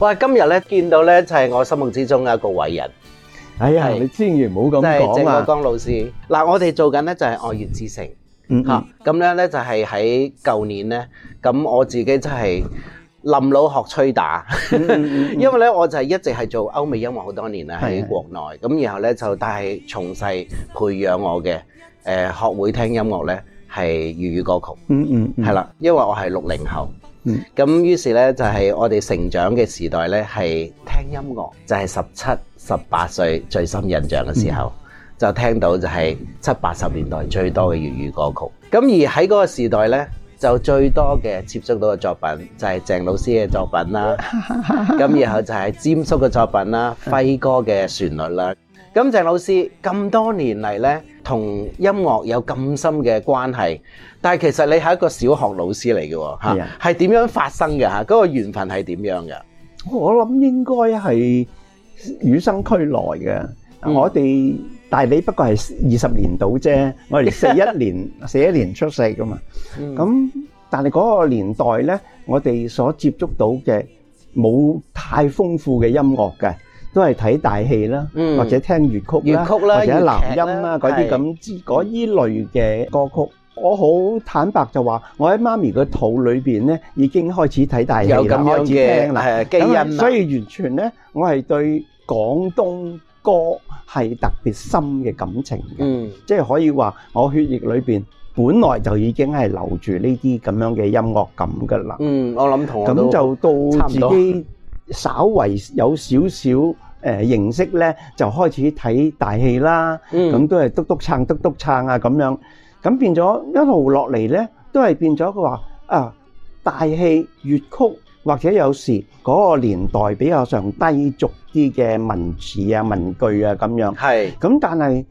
哇！今日咧見到咧就係我心目之中嘅一個偉人。哎呀，你千祈唔好咁講啊！即係鄭國江老師。嗱，我哋做緊咧就係愛粵之城。嗯，吓咁樣咧就係喺舊年咧。咁我自己真係臨老學吹打，因為咧我就係一直係做歐美音樂好多年啦，喺國內。咁然後咧就但係從細培養我嘅誒學會聽音樂咧係粵語歌曲。嗯嗯。係啦，因為我係六零後。咁、嗯、於是呢，就係、是、我哋成長嘅時代呢，係聽音樂就係十七、十八歲最深印象嘅時候，嗯，就聽到就係七八十年代最多嘅粵語歌曲。咁而喺嗰個時代呢，就最多嘅接觸到嘅作品就係、是、鄭老師嘅作品啦。咁 然後就係詹叔嘅作品啦，輝哥嘅旋律啦。咁鄭老師咁多年嚟呢，同音樂有咁深嘅關係，但係其實你係一個小學老師嚟嘅，嚇係點樣發生嘅？嚇嗰個緣分係點樣嘅？我諗應該係與生俱來嘅。我哋大你不過係二十年度啫，我哋四一年、四一年出世噶嘛。咁但係嗰個年代咧，我哋所接觸到嘅冇太豐富嘅音樂嘅。都係睇大戲啦，或者聽粵曲啦，或者南音啦，嗰啲咁之嗰啲類嘅歌曲。我好坦白就話，我喺媽咪個肚裏邊咧，已經開始睇大戲咁樣子啦。係基因啦，所以完全咧，我係對廣東歌係特別深嘅感情嘅，即係可以話我血液裏邊本來就已經係留住呢啲咁樣嘅音樂感噶啦。嗯，我諗同我都差唔多。稍為有少少誒認識咧，就開始睇大戲啦。咁都係嘟嘟撐、嘟嘟撐啊咁樣。咁變咗一路落嚟咧，都係變咗佢話啊，大戲粵曲或者有時嗰個年代比較上低俗啲嘅文字啊、文句啊咁樣。係。咁但係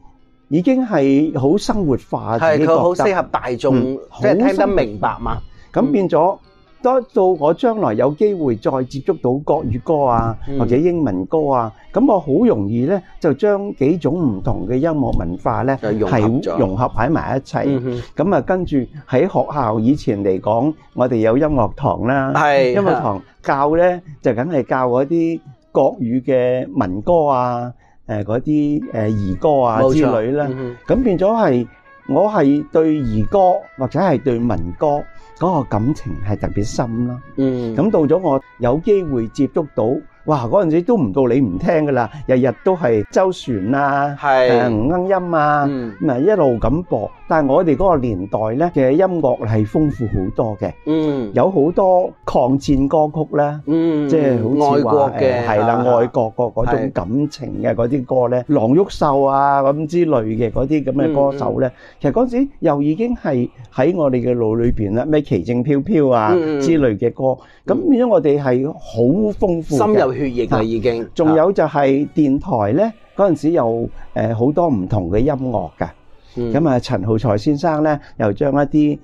已經係好生活化，係佢好適合大眾，即係聽得明白嘛。咁變咗。當到我將來有機會再接觸到國語歌啊，或者英文歌啊，咁我好容易咧就將幾種唔同嘅音樂文化咧係融合喺埋一齊。咁啊，跟住喺學校以前嚟講，我哋有音樂堂啦，音樂堂教咧就梗係教嗰啲國語嘅民歌啊，誒嗰啲誒兒歌啊之類啦。咁變咗係我係對兒歌或者係對民歌。嗰個感情係特別深啦，嗯，咁到咗我有機會接觸到。哇！嗰陣時都唔到你唔聽噶啦，日日都係周旋啊，誒吳鶯音啊，咁啊一路咁播。但係我哋嗰個年代咧嘅其實音樂係豐富好多嘅，有好多抗戰歌曲咧，即係好似話誒係啦，愛國個嗰種感情嘅嗰啲歌咧，郎毓秀啊咁之類嘅嗰啲咁嘅歌手咧，其實嗰陣時又已經係喺我哋嘅腦裏邊啦，咩旗正飄飄啊之類嘅歌，咁變咗我哋係好豐富。血液啊，已經仲有就係電台咧，嗰陣時有誒好多唔同嘅音樂噶，咁啊陳浩才先生咧又將一啲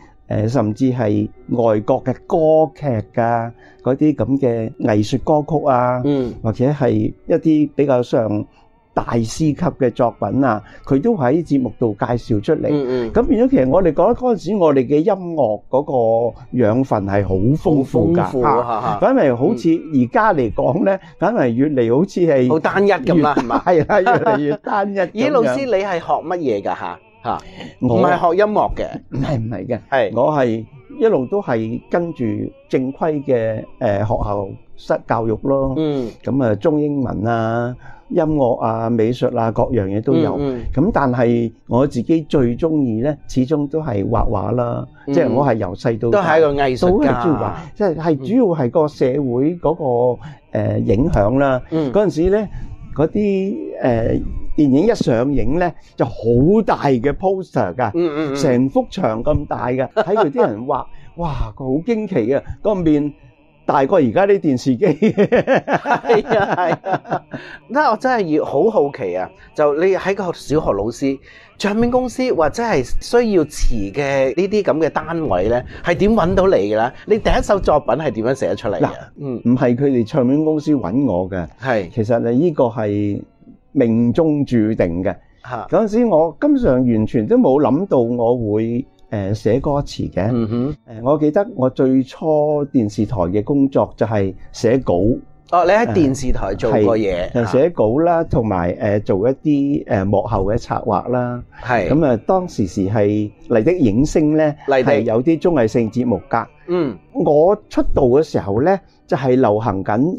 誒甚至係外國嘅歌劇噶嗰啲咁嘅藝術歌曲啊，或者係一啲比較上。大師級嘅作品啊，佢都喺節目度介紹出嚟。嗯咁變咗，其實我哋講嗰陣時，我哋嘅音樂嗰個養分係好豐富嘅、啊。反為好似而家嚟講咧，反為越嚟好似係好單一咁啦。係啦，越嚟越，越單一。咦， 老師你係學乜嘢㗎？嚇、啊、嚇，唔係學音樂嘅。唔係唔係嘅。係，我係一路都係跟住正規嘅誒學校式教育咯。嗯。咁啊，中英文啊。音樂啊、美術啊，各樣嘢都有。咁、嗯嗯、但係我自己最中意咧，始終都係畫畫啦。即、嗯、係、即係、我係由細到大都係一個藝術家，我最中意畫。即係係主要係個社會嗰個影響啦。嗰、嗯、陣時咧，嗰啲誒電影一上映咧，就好大嘅 poster 㗎，成、嗯嗯、幅牆咁大㗎。睇到啲人畫， 哇！佢好驚奇嘅、啊嗰個面。大過而家啲電視機 、啊，係啊係。嗱，我真係要好好奇啊！就你喺個小學老師、唱片公司或者係需要詞嘅呢啲咁嘅單位咧，係點揾到你嘅咧？你第一首作品係點樣寫得出嚟嘅？嗯，唔係佢哋唱片公司揾我嘅，係其實你呢個係命中注定嘅。嗰陣時我根本上完全都冇諗到我會。誒，寫歌詞嘅，誒，我記得我最初電視台嘅工作就係寫稿。哦，你喺電視台做過嘢，就寫稿啦，同埋誒做一啲誒幕後嘅策劃啦。係，咁啊，當時時係麗的影星咧，係有啲綜藝性節目噶。嗯，我出道嘅時候咧，就係流行緊。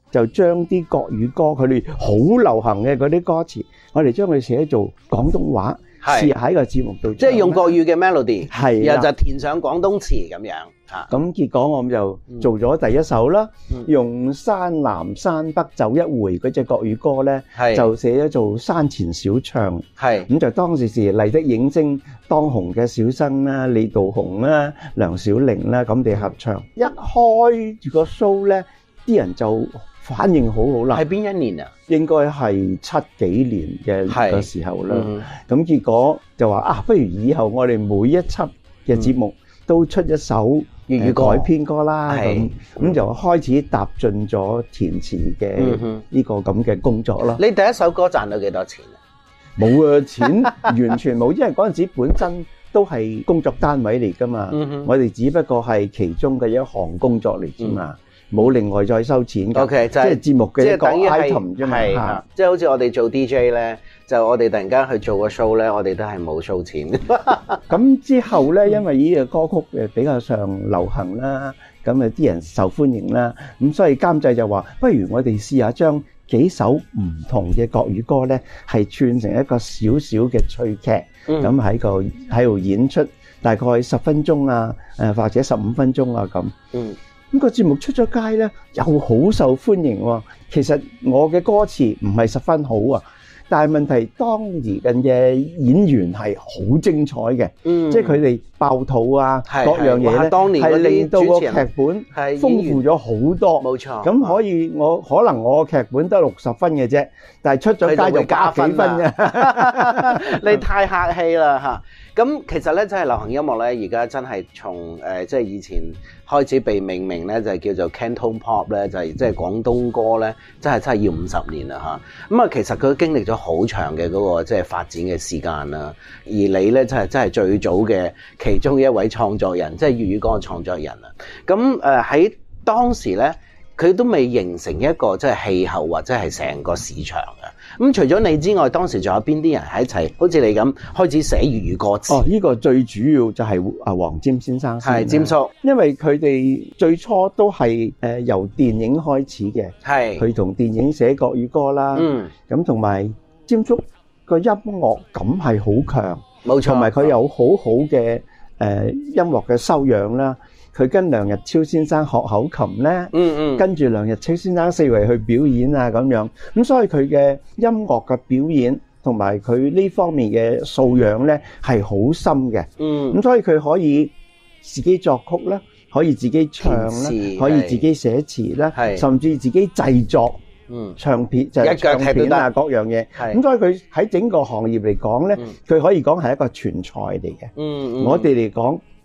就將啲國語歌佢哋好流行嘅嗰啲歌詞，我哋將佢寫做廣東話，設喺個節目度，即係用國語嘅 melody，係，然後就填上廣東詞咁樣嚇。咁結果我咁就做咗第一首啦，用《山南山北走一回》嗰隻國語歌咧，就寫咗做《山前小唱》。係咁，就當時是麗的映聲當紅嘅小生啦、李道紅啦、梁小玲啦咁哋合唱，一開住個 show 咧，啲人就。反應好好啦，係邊一年啊？應該係七幾年嘅個時候啦。咁結果就話啊，不如以後我哋每一輯嘅節目都出一首粵語歌、改編歌啦。咁咁就開始踏進咗填詞嘅呢個咁嘅工作啦。你第一首歌賺到幾多錢啊？冇啊，錢完全冇，因為嗰陣時本身都係工作單位嚟㗎嘛。我哋只不過係其中嘅一行工作嚟啫嘛。冇另外再收錢，即係節目嘅一個 item 啫嘛。即係好似我哋做 DJ 咧，就我哋突然間去做個 show 咧，我哋都係冇收錢。咁之後咧，因為依個歌曲誒比較上流行啦，咁啊啲人受歡迎啦，咁所以監製就話：不如我哋試下將幾首唔同嘅國語歌咧，係串成一個小小嘅趣劇，咁喺個喺度演出大概十分鐘啊，誒或者十五分鐘啊咁。咁個節目出咗街咧，又好受歡迎喎。其實我嘅歌詞唔係十分好啊，但係問題當年嘅演員係好精彩嘅，即係佢哋爆肚啊各樣嘢咧，當年係令到個劇本豐富咗好多。冇錯，咁可以我可能我劇本得六十分嘅啫，但係出咗街就加幾分嘅。你太客氣啦嚇！咁其實咧，真係流行音樂咧，而家真係從誒即係以前開始被命名咧，就係叫做 Canton Pop 咧，就係即係廣東歌咧，真係真係要五十年啦嚇。咁啊，其實佢經歷咗好長嘅嗰個即係發展嘅時間啦。而你咧，真係真係最早嘅其中一位創作人，即係粵語歌嘅創作人啊。咁誒喺當時咧，佢都未形成一個即係氣候或者係成個市場。咁除咗你之外，當時仲有邊啲人喺一齊？好似你咁開始寫粵語歌詞。哦，呢、這個最主要就係阿黃霑先生先，係霑叔。因為佢哋最初都係誒由電影開始嘅，係佢同電影寫國語歌啦。嗯，咁同埋霑叔個音樂感係好強，冇錯，同埋佢有，有好好嘅誒音樂嘅修養啦。佢跟梁日超先生學口琴，跟住梁日超先生四圍去表演，咁樣。咁所以佢嘅音樂嘅表演，同埋佢呢方面嘅素養呢，係好深嘅。咁所以佢可以自己作曲啦，可以自己唱啦，可以自己寫詞啦，甚至自己製作，唱片，就係唱片啊，各樣嘢。咁所以佢喺整個行業嚟講呢，佢可以講係一個全才嚟嘅，我哋嚟講。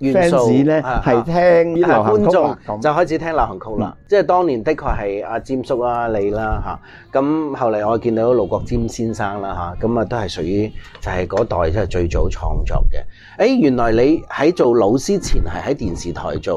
原素咧係、啊啊、聽啲流、啊啊、就開始聽流行曲啦。即、嗯、係當年的確係阿霑叔啊你啦、啊、咁後嚟我見到盧國沾先生啦咁啊，啊都係屬於就係嗰代即係最早創作嘅。誒、欸、原來你喺做老師前係喺電視台做誒？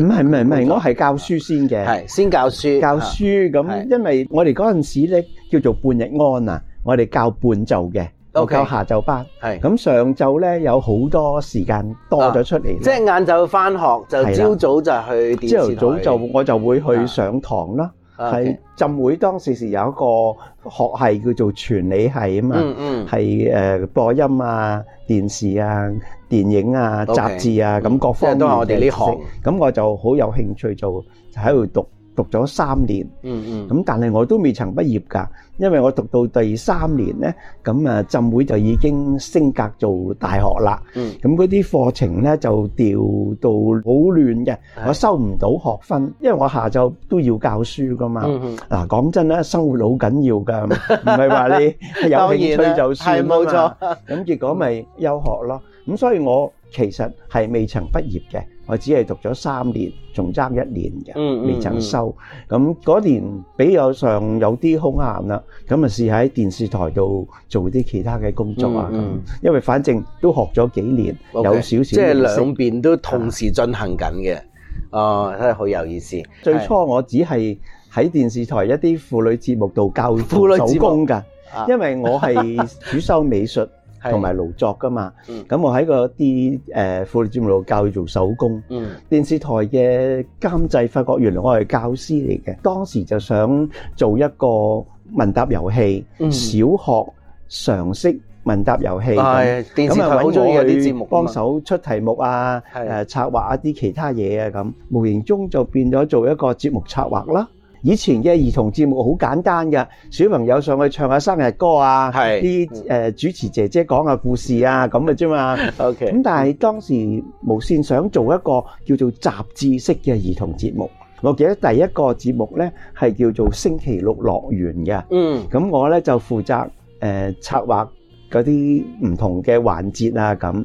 唔係唔係唔係，我係教書先嘅，先教書教書咁。啊、因為我哋嗰陣時咧叫做半日安啊，我哋教半奏嘅。O K，我下晝班係咁上晝咧，有好多時間多咗出嚟，即係晏晝翻學就朝早就去。朝頭早就我就會去上堂啦。係浸會當時係有一個學系叫做傳理系啊嘛，係誒播音啊、電視啊、電影啊、雜誌啊咁各方面嘅嘢。咁我就好有興趣做就喺度讀。讀咗三年，咁但係我都未曾畢業噶，因為我讀到第三年咧，咁啊浸會就已經升格做大學啦。咁嗰啲課程咧就調到好亂嘅，我收唔到學分，因為我下晝都要教書噶嘛。嗱，講真啦，生活好緊要噶，唔係話你有興趣就算。係冇錯，咁結果咪休學咯。咁所以我其實係未曾畢業嘅。我只係讀咗三年，仲爭一年嘅，未曾收。咁嗰年比較上有啲空閒啦，咁啊試喺電視台度做啲其他嘅工作啊。咁因為反正都學咗幾年，有少少。即係兩邊都同時進行緊嘅。啊，真係好有意思。最初我只係喺電視台一啲婦女節目度教婦女手工㗎，因為我係主修美術。同埋勞作㗎嘛，咁我喺個啲誒婦女節目度教佢做手工。電視台嘅監製發覺，原來我係教師嚟嘅，當時就想做一個問答遊戲，小學常識問答遊戲。係，電視台揾咗嗰啲節目，幫手出題目啊，誒策劃一啲其他嘢啊，咁無形中就變咗做一個節目策劃啦。以前嘅兒童節目好簡單嘅，小朋友上去唱下生日歌啊，啲誒主持姐姐講下故事啊咁嘅啫嘛。Okay。咁但係當時無線想做一個叫做雜誌式嘅兒童節目，我記得第一個節目呢係叫做《星期六樂園》嘅。嗯，咁我呢就負責誒策劃嗰啲唔同嘅環節啊咁。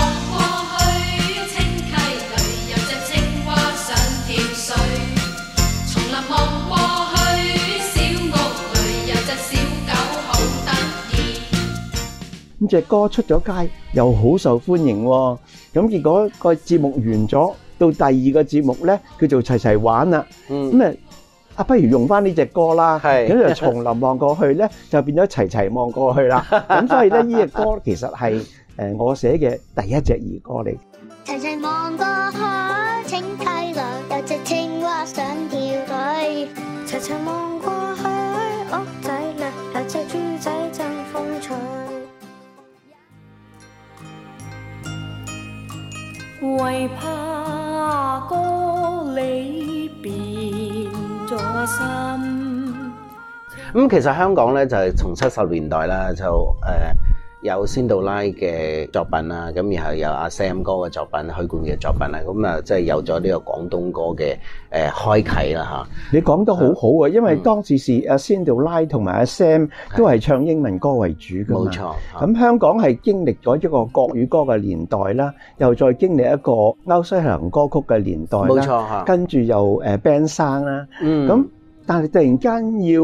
咁隻歌出咗街又好受歡迎喎，咁結果個節目完咗，到第二個節目咧叫做齊齊玩啦，咁啊，啊不如用翻呢隻歌啦，咁就叢林望過去咧就變咗齊齊望過去啦，咁所以咧呢隻歌其實係誒我寫嘅第一隻兒歌嚟。為怕哥你變咗心，咁其實香港咧就係從七十年代啦，就誒。呃有仙杜拉嘅作品啦，咁然後有阿 Sam 哥嘅作品、許冠傑嘅作品啦，咁啊，即係有咗呢個廣東歌嘅誒開啓啦嚇。你講得好好啊，因為當時是阿仙杜拉同埋阿 Sam 都係唱英文歌為主噶嘛。冇錯。咁香港係經歷咗一個國語歌嘅年代啦，又再經歷一個歐西流行歌曲嘅年代啦。冇錯嚇。跟住又誒 band 生啦。嗯。咁，但係突然間要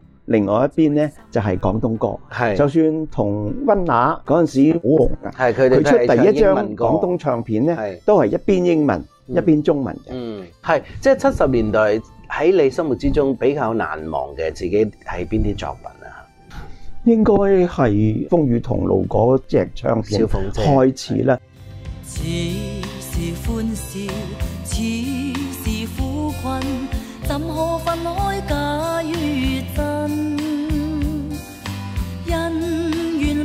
另外一邊咧就係、係、廣東歌，就算同温拿嗰陣時好紅噶，佢哋出第一張廣東唱片咧都係一邊英文，嗯、一邊中文嘅。係即係七十年代喺你心目之中比較難忘嘅自己係邊啲作品啊？應該係《風雨同路》嗰隻唱片開始啦。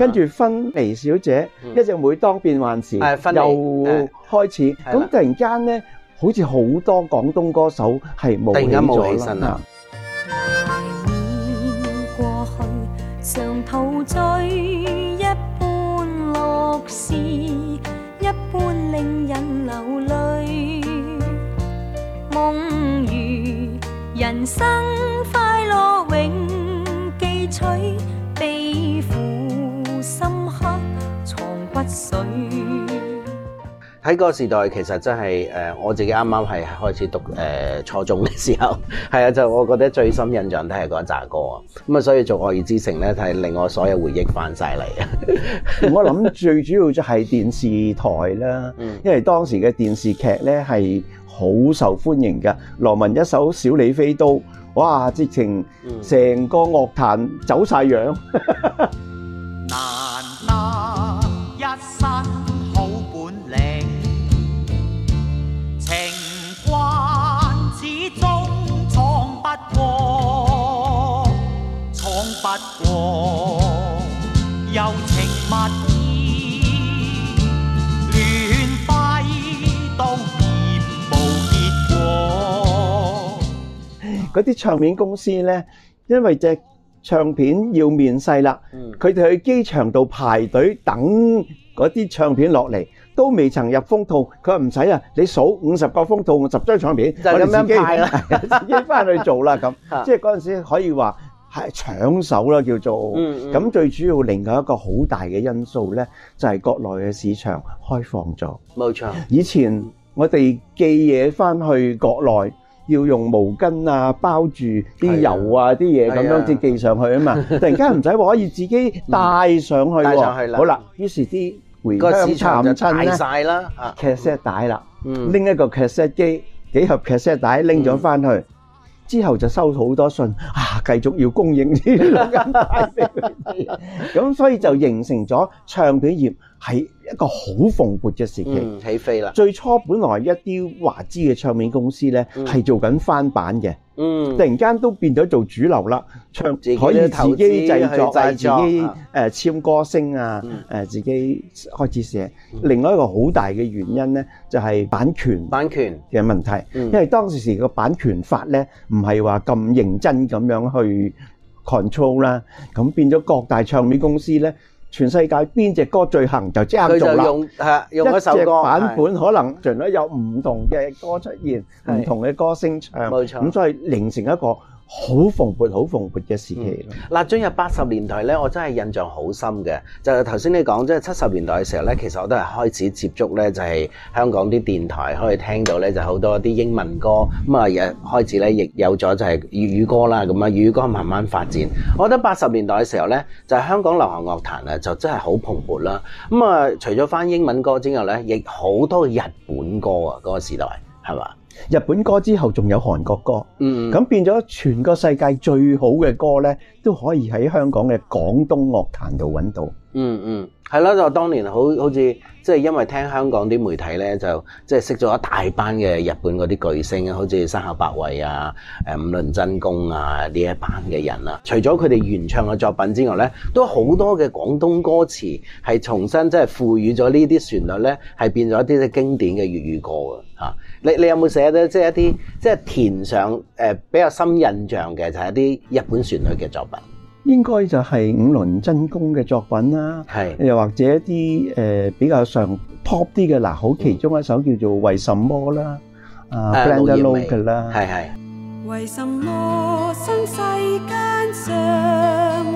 跟住薰妮小姐，一隻每當變幻時又開始，咁、嗯、突然間呢，好似好多廣東歌手係冒起冒起身、嗯嗯嗯、回憶過去，常陶醉，一半樂事，一半令人流淚，夢如人生快樂永記取。喺個時代，其實真係誒，我自己啱啱係開始讀誒、呃、初中嘅時候，係啊，就我覺得最深印象都係嗰一扎歌啊。咁啊，所以做《愛粵之城呢》咧，係令我所有回憶翻晒嚟。我諗最主要就係電視台啦， 因為當時嘅電視劇咧係好受歡迎噶。羅文一首《小李飛刀》，哇，直情成個樂壇走晒樣。 嗰啲唱片公司咧，因為隻唱片要面世啦，佢哋去機場度排隊等嗰啲唱片落嚟，都未曾入封套。佢話唔使啊，你數五十個封套，五十張唱片就咁樣派啦，自己翻去做啦咁。即係嗰陣時可以話。係搶手啦，叫做咁。最主要另外一個好大嘅因素咧，就係國內嘅市場開放咗。冇錯，以前我哋寄嘢翻去國內要用毛巾啊包住啲油啊啲嘢咁樣先寄上去啊嘛，突然間唔使，可以自己帶上去。帶上去啦。好啦，於是啲個市場就大曬啦。卡式帶啦，拎一個卡式機，幾盒卡式帶拎咗翻去。之後就收到好多信啊，繼續要供應呢兩間大公司，咁所以就形成咗唱片業。係一個好蓬勃嘅時期，嗯、起飛啦！最初本來一啲華資嘅唱片公司咧，係、嗯、做緊翻版嘅、嗯，突然間都變咗做主流啦。唱可以自己製作、自己誒、啊呃、簽歌星啊、嗯呃，自己開始寫。嗯、另外一個好大嘅原因咧，就係、是、版權的版權嘅問題，因為當時個版權法咧唔係話咁認真咁樣去 control 啦，咁變咗各大唱片公司咧。全世界邊隻歌最行就即刻做用，啊、用一首歌一首版本，可能有唔同嘅歌出現，唔同嘅歌聲唱，嗯，所以形成一個。好蓬勃、好蓬勃嘅時期。嗱，進入八十年代咧，我真係印象好深嘅，就係頭先你講，即係七十年代嘅時候咧，其實我都係開始接觸咧，就係香港啲電台可以聽到咧，就好多啲英文歌，咁啊，又開始咧亦有咗就係粵語歌啦，咁啊，粵語歌慢慢發展。我覺得八十年代嘅時候咧，就係、是、香港流行樂壇啊，就真係好蓬勃啦。咁啊，除咗翻英文歌之外咧，亦好多日本歌啊，嗰、那個時代係嘛？日本歌之後仲有韓國歌，咁變咗全世界最好嘅歌呢，都可以喺香港嘅廣東樂壇度揾到。嗯嗯，係啦，就當年好好似，即係因為聽香港啲媒體咧，就即係識咗一大班嘅日本嗰啲巨星啊，好似山口百惠啊、誒五輪真弓啊呢一班嘅人啊，除咗佢哋原唱嘅作品之外咧，都好多嘅廣東歌詞係重新即係賦予咗呢啲旋律咧，係變咗一啲嘅經典嘅粵語歌吓。你你有冇寫到即係一啲即係填上誒比較深印象嘅就係一啲日本旋律嘅作品？應該就係五輪真功嘅作品啦，又或者一啲誒比較上 pop 啲嘅，嗱，好其中一首叫做為什麼啦，啊，blind the road 嘅啦，係係。為什麼身世間上，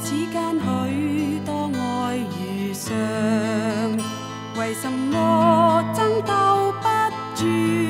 此間許多愛與傷，為什麼爭鬥不絕？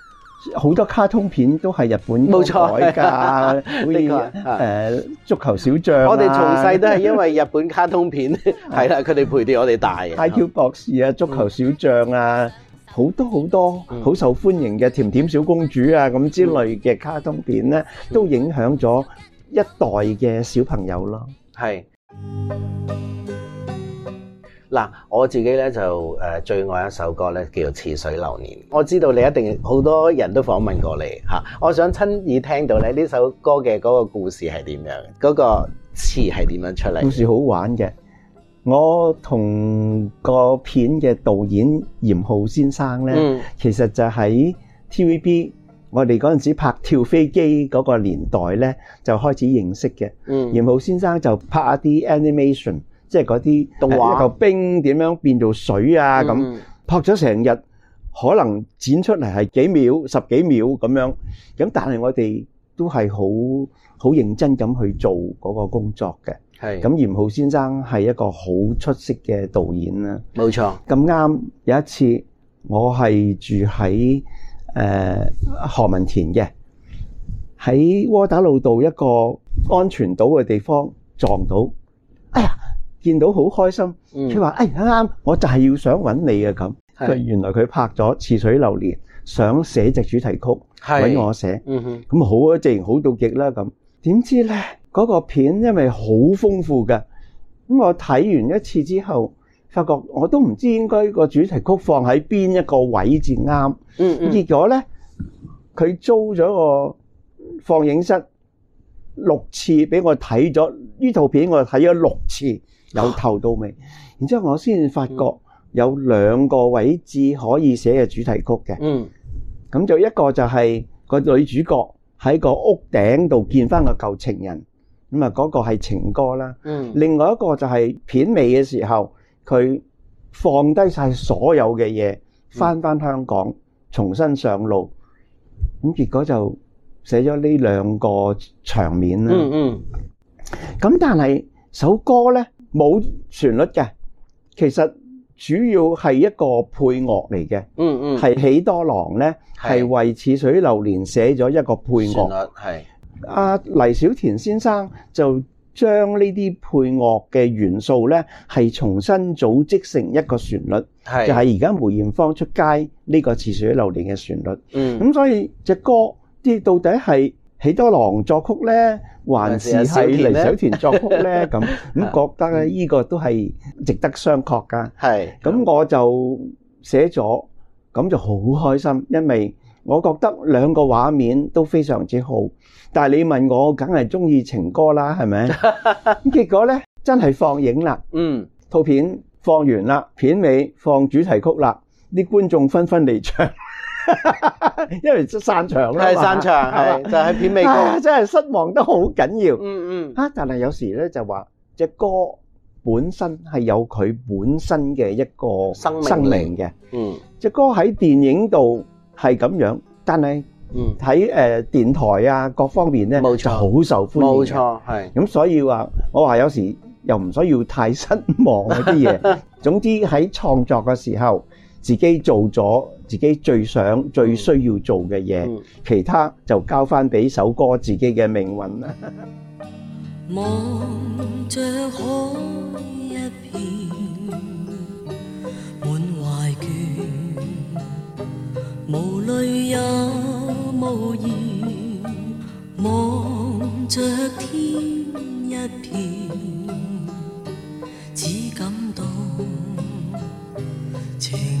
好多卡通片都係日本嘅，冇錯噶，例如誒足球小將。我哋從細都係因為日本卡通片係啦，佢哋陪住我哋大。IQ 博士啊，足球小將啊，好多好多好受歡迎嘅甜甜小公主啊，咁之類嘅卡通片咧，都影響咗一代嘅小朋友咯。係。嗱，我自己咧就誒最愛一首歌咧，叫《似水流年》。我知道你一定好多人都訪問過你嚇，我想親耳聽到你呢首歌嘅嗰個故事係點樣，嗰個詞係點樣出嚟。故事好玩嘅，我同個片嘅導演嚴浩先生咧，其實就喺 TVB，我哋嗰陣時拍跳飛機嗰個年代咧，就開始認識嘅。嚴浩先生就拍一啲 animation。即係嗰啲動畫，啊、一嚿冰點樣變做水啊！咁拍咗成日，可能剪出嚟係幾秒、十幾秒咁樣。咁但係我哋都係好好認真咁去做嗰個工作嘅。係咁，嚴浩先生係一個好出色嘅導演啦。冇錯。咁啱有一次，我係住喺誒、呃、何文田嘅，喺窩打路道一個安全島嘅地方撞到。見到好開心，佢、嗯、話：，哎啱啱，我就係要想揾你啊！咁，原來佢拍咗《似水流年》，想寫隻主題曲，揾我寫。咁、嗯、好啊，直情好到極啦！咁點知咧，嗰、那個片因為好豐富嘅，咁我睇完一次之後，發覺我都唔知應該個主題曲放喺邊一個位至啱、嗯。嗯，結果咧，佢租咗個放映室六次,六次，俾我睇咗呢套片，我睇咗六次。由頭到尾，然之後我先發覺有兩個位置可以寫嘅，主題曲嘅。嗯，咁就一個就係個女主角喺個屋頂度見翻個舊情人，咁啊嗰個係情歌啦。嗯，另外一個就係片尾嘅時候，佢放低晒所有嘅嘢，翻翻香港，重新上路。咁結果就寫咗呢兩個場面啦。嗯嗯，咁但係首歌咧。冇旋律嘅，其實主要係一個配樂嚟嘅，嗯嗯，係喜多郎咧，係為《似水流年》寫咗一個配樂，係。阿、啊、黎小田先生就將呢啲配樂嘅元素咧，係重新組織成一個旋律，係就係而家梅艷芳出街呢個《似水流年》嘅旋律，嗯，咁所以隻歌啲到底係喜多郎作曲呢，還是係黎小田作曲呢？咁 咁覺得呢個個都係值得商榷噶。係咁我就寫咗，咁就好開心，因為我覺得兩個畫面都非常之好。但係你問我，梗係中意情歌啦，係咪？結結果呢，真係放映啦。嗯， 套片放完啦，片尾放主題曲啦，啲觀眾紛紛離場。因為散場啦，係散場，係就喺片尾歌，真係失望得好緊要。嗯嗯，啊，但係有時咧就話隻歌本身係有佢本身嘅一個生命嘅，嗯，隻歌喺電影度係咁樣，但係嗯喺誒電台啊各方面咧就好受歡迎，冇錯係。咁所以話我話有時又唔需要太失望嗰啲嘢，總之喺創作嘅時候。自己做咗自己最想、最需要做嘅嘢，其他就交翻俾首歌自己嘅命運啦。望着海一片，滿懷倦，無淚也無言。望着天一片，只感到情。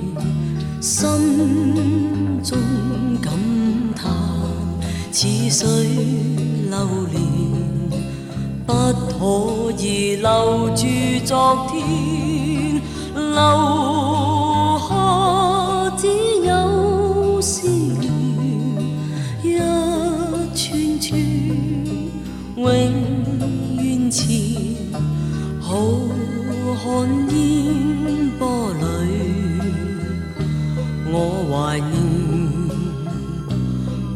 心中感嘆，似水流年，不可以留住昨天，留下只有思念，一串串，永遠纏，浩瀚。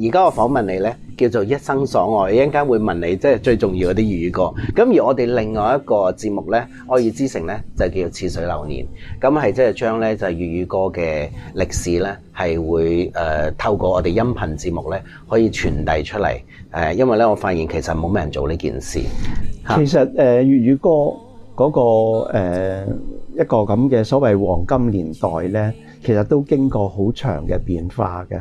而家我訪問你呢叫做一生所愛，一陣間會問你即係最重要嗰啲粵語歌。咁而我哋另外一個節目呢《愛粵之城》呢就叫做《似水流年》。咁係即係將呢就粵語歌嘅歷史呢係會誒、呃、透過我哋音頻節目呢可以傳遞出嚟。誒、呃，因為呢，我發現其實冇咩人做呢件事。其實誒粵語歌嗰個、呃、一個咁嘅所謂黃金年代呢其實都經過好長嘅變化嘅。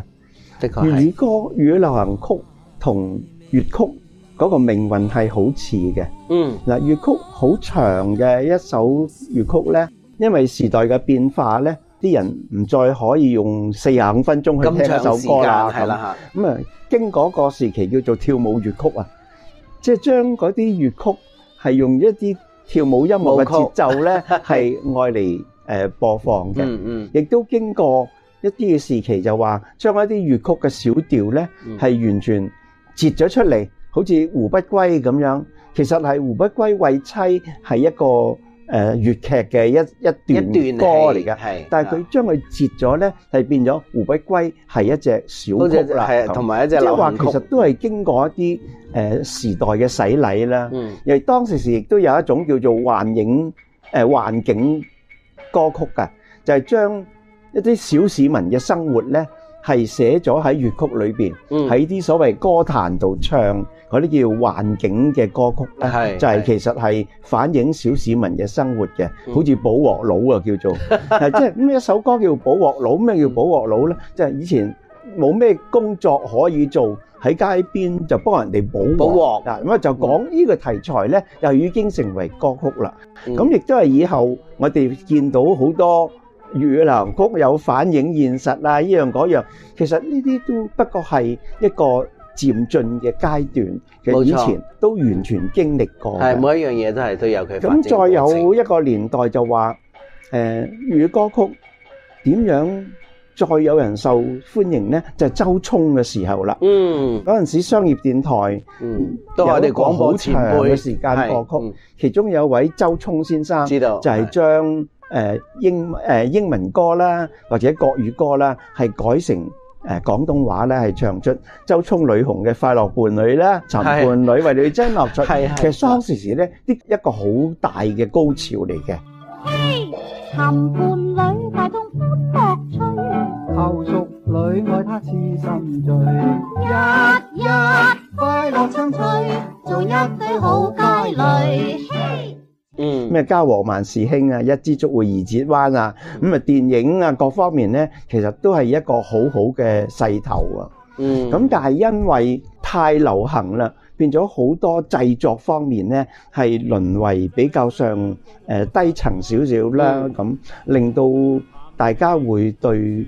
粵語歌、粵語流行曲同粵曲嗰個命運係好似嘅。嗯，嗱，粵曲好長嘅一首粵曲咧，因為時代嘅變化咧，啲人唔再可以用四十五分鐘去聽一首歌啦。咁長時間係啦吓。咁啊，經過嗰個時期叫做跳舞粵曲啊，即係將嗰啲粵曲係用一啲跳舞音樂嘅節奏咧，係愛嚟誒播放嘅。嗯嗯，亦都經過。一啲嘅時期就話將一啲粵曲嘅小調咧，係完全截咗出嚟，好似《胡不歸》咁樣。其實係《胡不歸》為妻係一個誒粵劇嘅一一段歌嚟噶。係，但係佢將佢截咗咧，係變咗《胡不歸》係一隻小曲啦，係同埋一隻老曲。即係話其實都係經過一啲誒時代嘅洗禮啦。嗯，因為當時時亦都有一種叫做幻影誒幻境歌曲嘅，就係將。一啲小市民嘅生活咧，係寫咗喺粵曲裏邊，喺啲所謂歌壇度唱嗰啲叫環境嘅歌曲咧，就係其實係反映小市民嘅生活嘅，好似補鑊佬啊叫做，即係咁一首歌叫補鑊佬，咩叫補鑊佬咧？即係以前冇咩工作可以做，喺街邊就幫人哋補鑊，咁啊就講呢個題材咧，又已經成為歌曲啦。咁亦都係以後我哋見到好多。粵語流行曲有反映現實啊，依樣嗰樣，其實呢啲都不過係一個漸進嘅階段，其實以前都完全經歷過。係，每一樣嘢都係都有佢。咁再有一個年代就話，誒，粵語歌曲點樣再有人受歡迎咧？就係周聰嘅時候啦。嗯，嗰陣時商業電台，嗯，有我哋廣播前輩嘅時間歌曲，其中有位周聰先生，知道就係將。誒英誒英文歌啦，或者國語歌啦，係改成誒廣東話咧，係唱出周聰女紅嘅快樂伴侶啦，尋伴侶為了要爭樂趣，其實當時時咧啲一個好大嘅高潮嚟嘅。嗯，咩家和萬事興啊，一枝竹會易折彎啊，咁啊電影啊各方面咧，其實都係一個好好嘅勢頭啊。嗯，咁但係因為太流行啦，變咗好多製作方面咧，係淪為比較上誒低層少少啦，咁令到大家會對。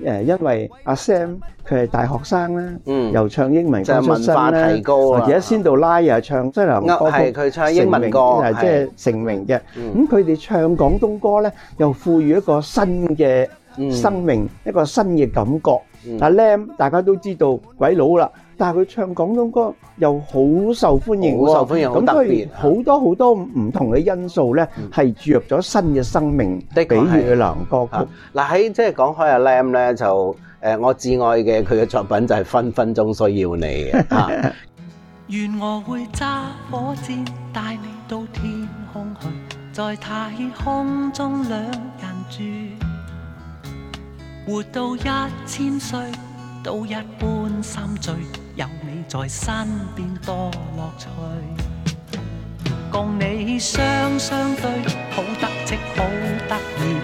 誒，因為阿 Sam 佢係大學生啦，又唱英文歌出身咧，或者仙杜拉又係唱西洋歌，係佢唱英文歌，係即係成名嘅。咁佢哋唱廣東歌咧，又賦予一個新嘅生命，一個新嘅感覺。阿 Lam 大家都知道鬼佬啦。但係佢唱廣東歌又好受歡迎，好受歡迎咁，當然好多好多唔同嘅因素咧，係注入咗新嘅生命。的確係。比如南哥，嗱喺即係講開阿 Lam 咧，就誒我至愛嘅佢嘅作品就係分分鐘需要你嘅嚇。願我會揸火箭，帶你到天空去，在太空中兩人住，活到一千歲，都一般心醉。有你在身邊多樂趣，共你雙雙對對，好得戚好得意，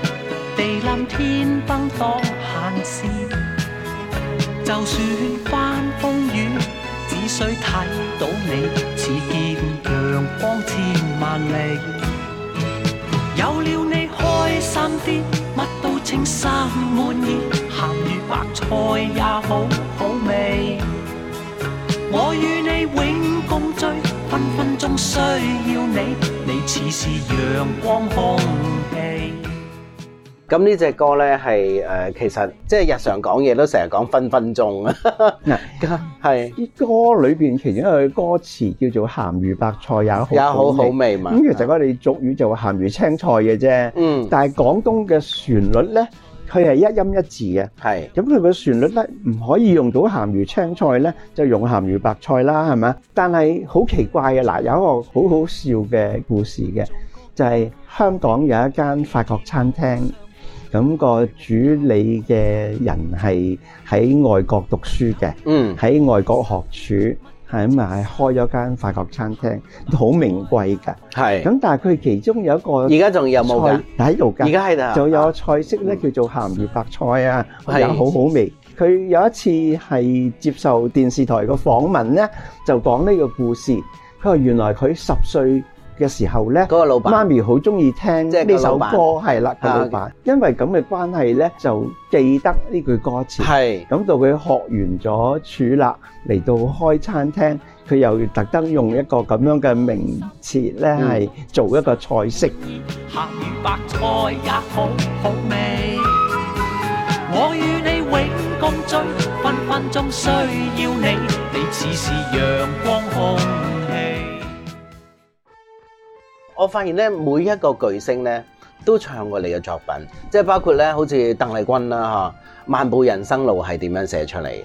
地冧天崩當閒事。就算翻風雨，只需睇到你，似見陽光千萬里。有了你開心啲，乜都稱心滿意，鹹魚白菜也好好味。我與你永共聚，分分鐘需要你，你似是陽光空氣。咁呢隻歌咧係，誒，其實即係日常講嘢都成日講分分鐘啊，係啲歌裏邊其中一句歌詞叫做鹹魚白菜也好好味嘛，咁其實我哋俗語就話鹹魚青菜嘅啫，嗯，但係廣東嘅旋律咧。佢係一音一字嘅，係咁佢個旋律咧唔可以用到鹹魚青菜咧，就用鹹魚白菜啦，係咪？但係好奇怪嘅，嗱，有一個好好笑嘅故事嘅，就係香港有一間法國餐廳，咁個主理嘅人係喺外國讀書嘅，嗯，喺外國學廚。係咪啊！開咗間法國餐廳，好名貴㗎？係，咁但係佢其中有一個，而家仲有冇噶？喺度噶，而家喺度仲有菜式咧，叫做鹹魚白菜啊，又好好味。佢有一次係接受電視台嘅訪問咧，就講呢個故事。佢話原來佢十歲。嘅時候呢，媽咪好中意聽呢首歌，係啦，個老闆，因為咁嘅關係呢，就記得呢句歌詞。係，咁到佢學完咗廚啦，嚟到開餐廳，佢又特登用一個咁樣嘅名詞呢，係做一個菜式。鹹魚白菜也好好味，我與你永共追，分分鐘需要你，你似是陽光。我發現咧，每一個巨星咧都唱過你嘅作品，即係包括咧，好似鄧麗君啦，吓《漫步人生路》係點樣寫出嚟嘅？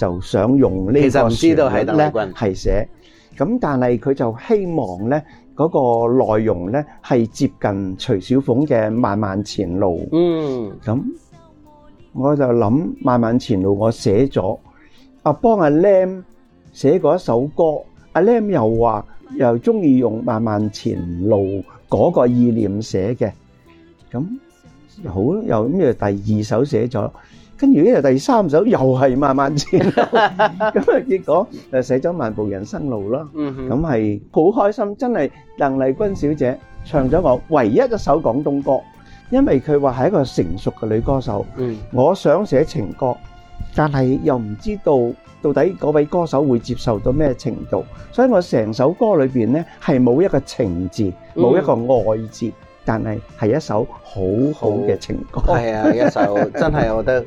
就想用呢個詞咧係寫，咁但係佢就希望咧嗰個內容咧係接近徐小鳳嘅《漫漫前路》。嗯，咁我就諗《漫漫前路》我寫咗，阿幫阿 Lam 寫過一首歌，阿 Lam 又話又鍾意用《漫漫前路》嗰個意念寫嘅，咁好又咩又第二首寫咗。跟住咧，第三首又係《慢慢走》，咁啊結果誒寫咗《漫步人生路》咯，咁係好開心，真係鄧麗君小姐唱咗我唯一一首廣東歌，因為佢話係一個成熟嘅女歌手，我想寫情歌，但係又唔知道到底嗰位歌手會接受到咩程度，所以我成首歌裏邊咧係冇一個情字，冇一個愛字，但係係一首好好嘅情歌，係啊，係一首真係我覺得。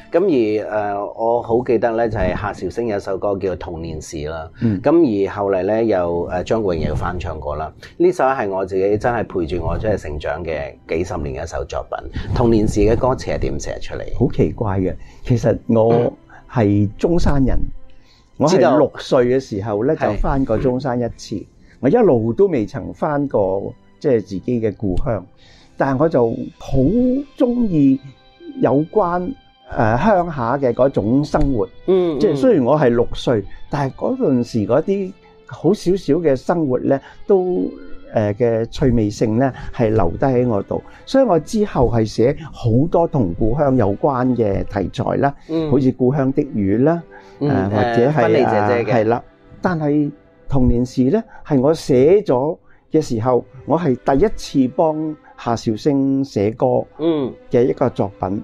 咁而誒，我好記得咧，就係夏韶聲有一首歌叫《童年時》啦。咁、嗯、而後嚟咧，又誒張國榮又翻唱過啦。呢、嗯、首係我自己真係陪住我真係成長嘅幾十年嘅一首作品。嗯《童年時》嘅歌詞係點寫出嚟？好奇怪嘅，其實我係中山人，嗯、我係六歲嘅時候咧就翻過中山一次、嗯，我一路都未曾翻過即係自己嘅故鄉，但係我就好中意有關。誒，鄉下嘅嗰種生活，嗯，即係雖然我係六歲，但係嗰陣時嗰啲好少少嘅生活咧，都誒嘅趣味性咧，係留低喺我度，所以我之後係寫好多同故鄉有關嘅題材啦，嗯，好似故鄉的雨啦，嗯，或者係係啦，但係童年時咧，係我寫咗嘅時候，我係第一次幫夏韶聲寫歌，嗯嘅一個作品。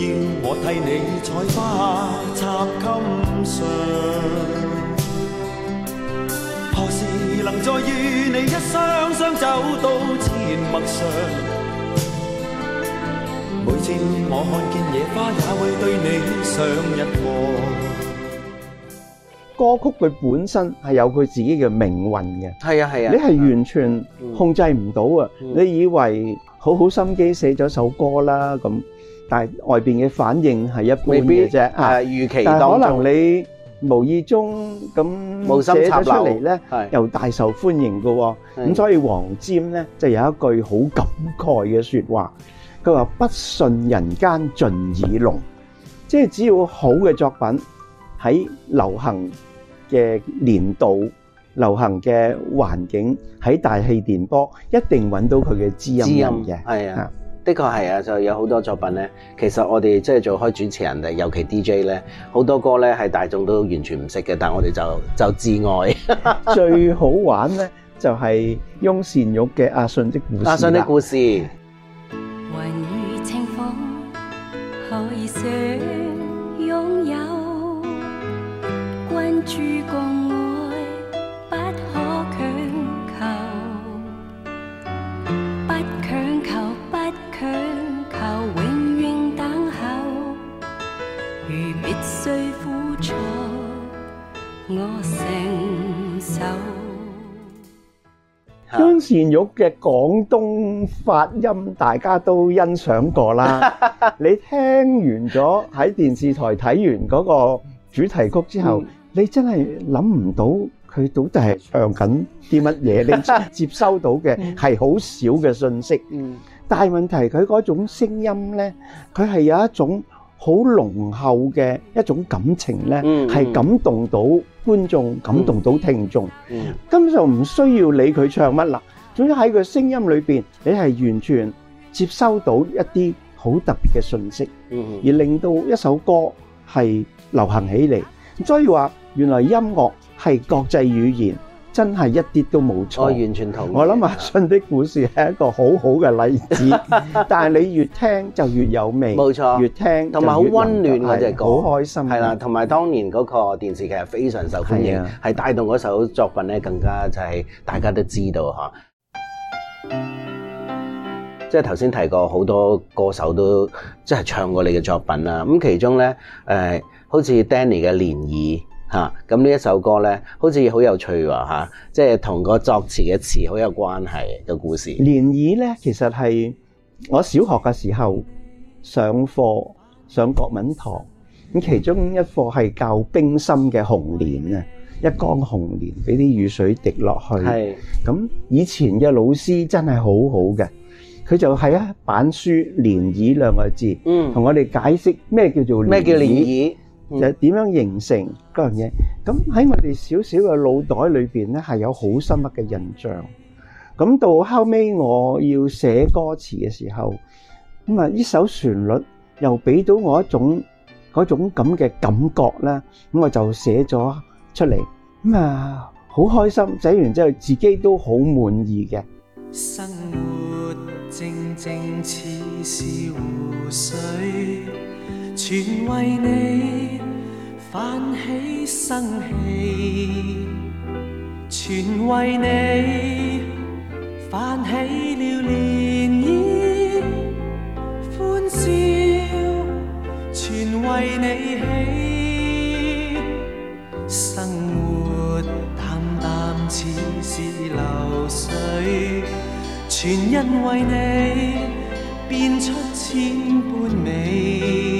要我替你採花插襟上，何時能再與你一雙雙走到阡陌上？每次我看見野花，也會對你唱一歌。歌曲佢本身係有佢自己嘅命運嘅，係啊係啊，你係完全控制唔到啊！你以為好好心機寫咗首歌啦咁？但外邊嘅反應係一般嘅啫，係預期，但可能你無意中咁無心插柳寫咗出嚟咧，又大受歡迎嘅。咁所以黃霑咧就有一句好感慨嘅説話，佢話：不信人間盡耳聾，即係只要好嘅作品喺流行嘅年度、流行嘅環境、喺大氣電波，一定揾到佢嘅知音人嘅。係啊。的確係啊，就有好多作品咧。其實我哋即係做開主持人嘅，尤其 DJ 咧，好多歌咧係大眾都完全唔識嘅，但係我哋就就至愛。 最好玩咧就係翁倩玉嘅《阿信的故事》。阿信的故事。可以有」。 張善玉嘅廣東發音大家都欣賞過啦，你聽完咗喺電視台睇完嗰個主題曲之後，你真係諗唔到佢到底係唱緊啲乜嘢，你接收到嘅係好少嘅信息。嗯，但係問題佢嗰種聲音咧，佢係有一種。好濃厚嘅一種感情呢，係感動到觀眾，感動到聽眾，根本就唔需要理佢唱乜啦。總之喺佢聲音裏邊，你係完全接收到一啲好特別嘅信息，而令到一首歌係流行起嚟。所以話原來音樂係國際語言。真係一啲都冇錯，我完全同意。我諗阿信的故事係一個好好嘅例子， 但係你越聽就越有味，冇錯。越聽同埋好溫暖嘅隻歌，好開心。係啦，同埋當年嗰個電視劇非常受歡迎，係帶動嗰首作品咧更加就係大家都知道嚇。即係頭先提過好多歌手都即係唱過你嘅作品啦。咁其中咧誒，好似 Danny 嘅《漣漪》。嚇，咁呢一首歌咧，好似好有趣喎，即係同個作詞嘅詞好有關係嘅故事。「漣漪」咧，其實係我小學嘅時候上課上國文堂，咁其中一課係教冰心嘅《紅蓮》啊，一缸紅蓮俾啲雨水滴落去。係。咁以前嘅老師真係好好嘅，佢就係啊板書「漣漪」兩個字，嗯，同我哋解釋咩叫做咩叫漣漪。又點樣形成嗰樣嘢？咁喺我哋少少嘅腦袋裏邊咧，係有好深刻嘅印象。咁到後尾我要寫歌詞嘅時候，咁啊呢首旋律又俾到我一種嗰種咁嘅感覺咧。咁我就寫咗出嚟。咁啊好開心，寫完之後自己都好滿意嘅。生活正正，似是湖水。全為你泛起生氣，全為你泛起了漣漪，歡笑全為你起，生活淡淡似是流水，全因為你變出千般美。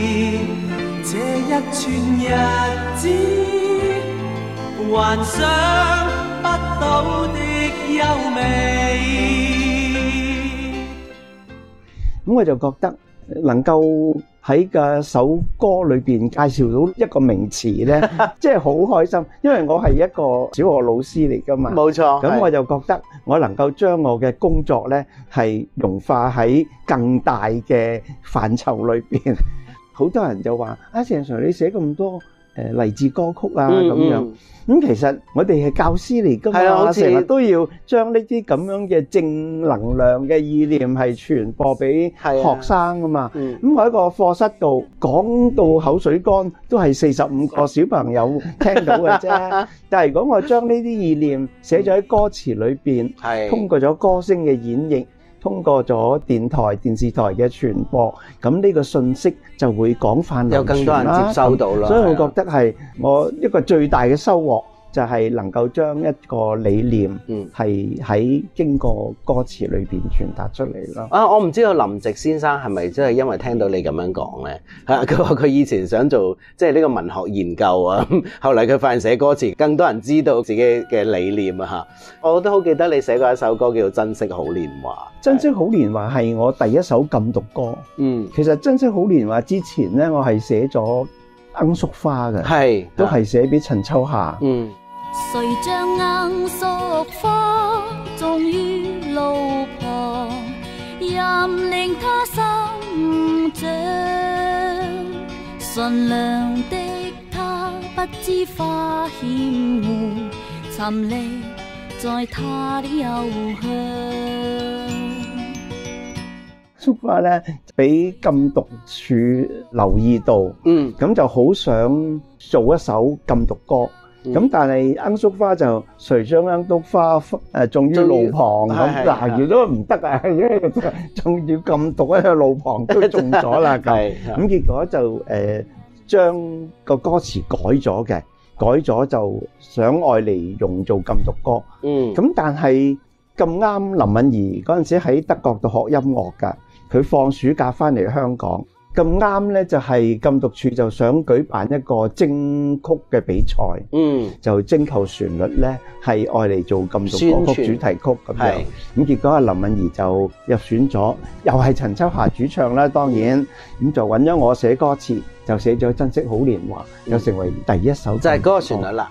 一串日子，幻想不到的優美。咁我就覺得能夠喺個首歌裏邊介紹到一個名詞咧，即係好開心，因為我係一個小學老師嚟噶嘛。冇錯，咁我就覺得我能夠將我嘅工作咧係融化喺更大嘅範疇裏邊。好多人就話啊，江 Sir 你寫咁多誒勵志歌曲啊咁樣，咁其實我哋係教師嚟，今日成日都要將呢啲咁樣嘅正能量嘅意念係傳播俾學生㗎嘛。咁我喺個課室度講到口水乾，都係四十五個小朋友聽到嘅啫。但係如果我將呢啲意念寫咗喺歌詞裏邊，通過咗歌聲嘅演繹，通過咗電台、電視台嘅傳播，咁呢個信息就會廣泛流傳，有更多人接收到啦。所以我覺得係我一個最大嘅收穫。就係、是、能夠將一個理念，嗯，係喺經過歌詞裏面傳達出嚟咯、嗯嗯。啊，我唔知道林夕先生係咪真係因為聽到你咁樣講呢？嚇、嗯，佢、啊、佢以前想做即係呢個文學研究啊，後嚟佢發現寫歌詞更多人知道自己嘅理念啊，我都好記得你寫過一首歌叫做《珍惜好年華》，《珍惜好年華》係我第一首禁毒歌。嗯，其實《珍惜好年華》之前呢，我係寫咗《罌粟花》嘅，係都係寫俾陳秋霞。嗯。誰將罌粟花種於路旁，任令他生長？純良的他不知花險惡，沉溺在他的幽香。罌粟花呢，俾禁毒處留意到，嗯，咁就好想做一首禁毒歌。咁但係罌粟花就誰將罌粟花誒種於路旁，咁嗱，亦都唔得啊，因為仲要禁毒啊，路旁都種咗啦咁，咁結果就誒將個歌詞改咗嘅，改咗就想愛嚟用做禁毒歌，咁但係咁啱林敏怡嗰陣時喺德國度學音樂噶，佢放暑假翻嚟香港。咁啱咧，就係禁毒處就想舉辦一個徵曲嘅比賽，嗯，就徵求旋律咧，係愛嚟做禁毒歌曲主題曲咁樣。咁結果阿林敏怡就入選咗，又係陳秋霞主唱啦，當然咁就揾咗我寫歌詞，就寫咗珍惜好年華，又成為第一首。就係嗰個旋律啦。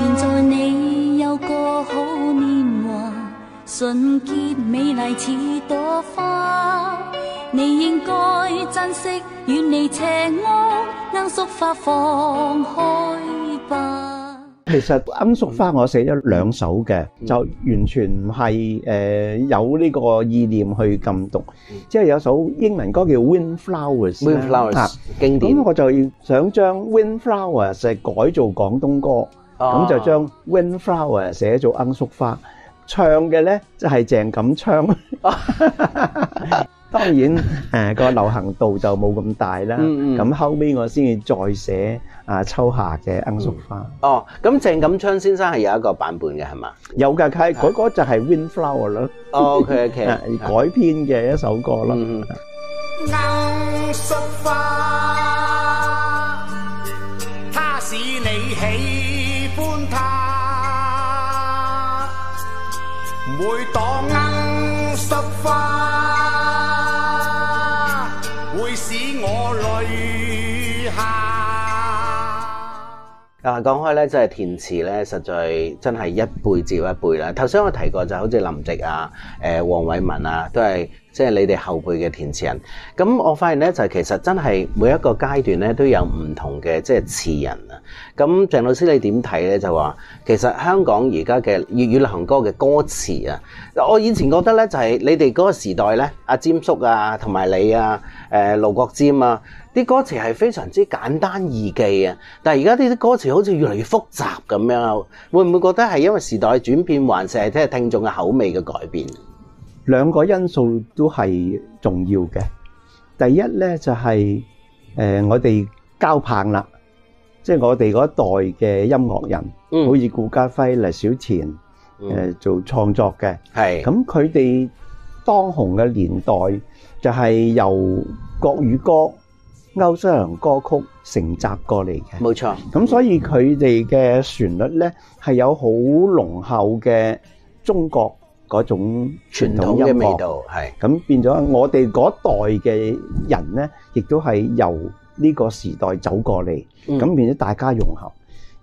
現在你有個好年華，純潔美麗似朵花。你應該珍惜，遠離邪惡罌粟花，放開吧。其實罌粟花我寫咗兩首嘅，就完全唔係誒有呢個意念，去禁毒。即係有首英文歌叫《Wind Flowers》，經典。咁我就想將《Wind Flowers》改做廣東歌，咁就將《Wind Flowers》寫做罌粟花，唱嘅咧就係鄭錦昌。當然，誒個流行度就冇咁大啦。咁後尾我先至再寫啊秋霞嘅罌粟花。哦，咁鄭錦昌先生係有一個版本嘅係嘛？有㗎，佢佢個就係 Wind Flower 咯。OK OK，改編嘅一首歌咯。罌粟花，它使你喜歡它，每朵罌粟花。啊，講開咧，即係填詞咧，實在真係一輩接一輩啦。頭先我提過，就好似林夕啊、誒黃偉文啊，都係即係你哋後輩嘅填詞人。咁我發現咧，就其實真係每一個階段咧，都有唔同嘅即係詞人。咁鄭老師你點睇呢？就話其實香港而家嘅粵語流行歌嘅歌詞啊，我以前覺得呢就係你哋嗰個時代呢，阿、啊、霑叔啊同埋你啊，誒盧國沾啊啲歌詞係非常之簡單易記啊，但現而家啲歌詞好似越嚟越複雜咁樣，會唔會覺得係因為時代轉變，還是係聽聽眾嘅口味嘅改變？兩個因素都係重要嘅。第一呢，就係我哋交棒啦即係我哋嗰一代嘅音樂人，好似顧嘉輝、黎小田，誒做創作嘅，係咁佢哋當紅嘅年代就係由國語歌、歐西洋歌曲承襲過嚟嘅，冇錯。咁所以佢哋嘅旋律咧係有好濃厚嘅中國嗰種傳統嘅味道，係咁變咗我哋嗰代嘅人咧，亦都係由呢個時代走過嚟，咁變咗大家融合。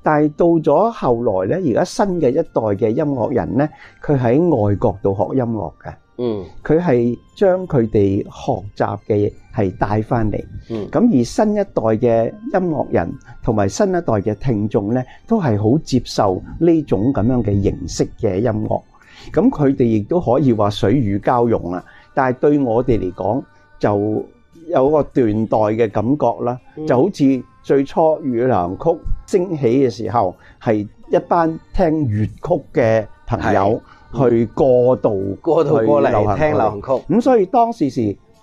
但係到咗後來呢，而家新嘅一代嘅音樂人呢，佢喺外國度學音樂嘅，佢係將佢哋學習嘅嘢係帶翻嚟。咁而新一代嘅音樂人同埋新一代嘅聽眾呢，都係好接受呢種咁樣嘅形式嘅音樂。咁佢哋亦都可以話水乳交融啊。但係對我哋嚟講就。有個斷代嘅感覺啦，就好似最初粵語流行曲升起嘅時候，係一班聽粵曲嘅朋友去過渡過渡過嚟聽流行曲，咁所以當時係。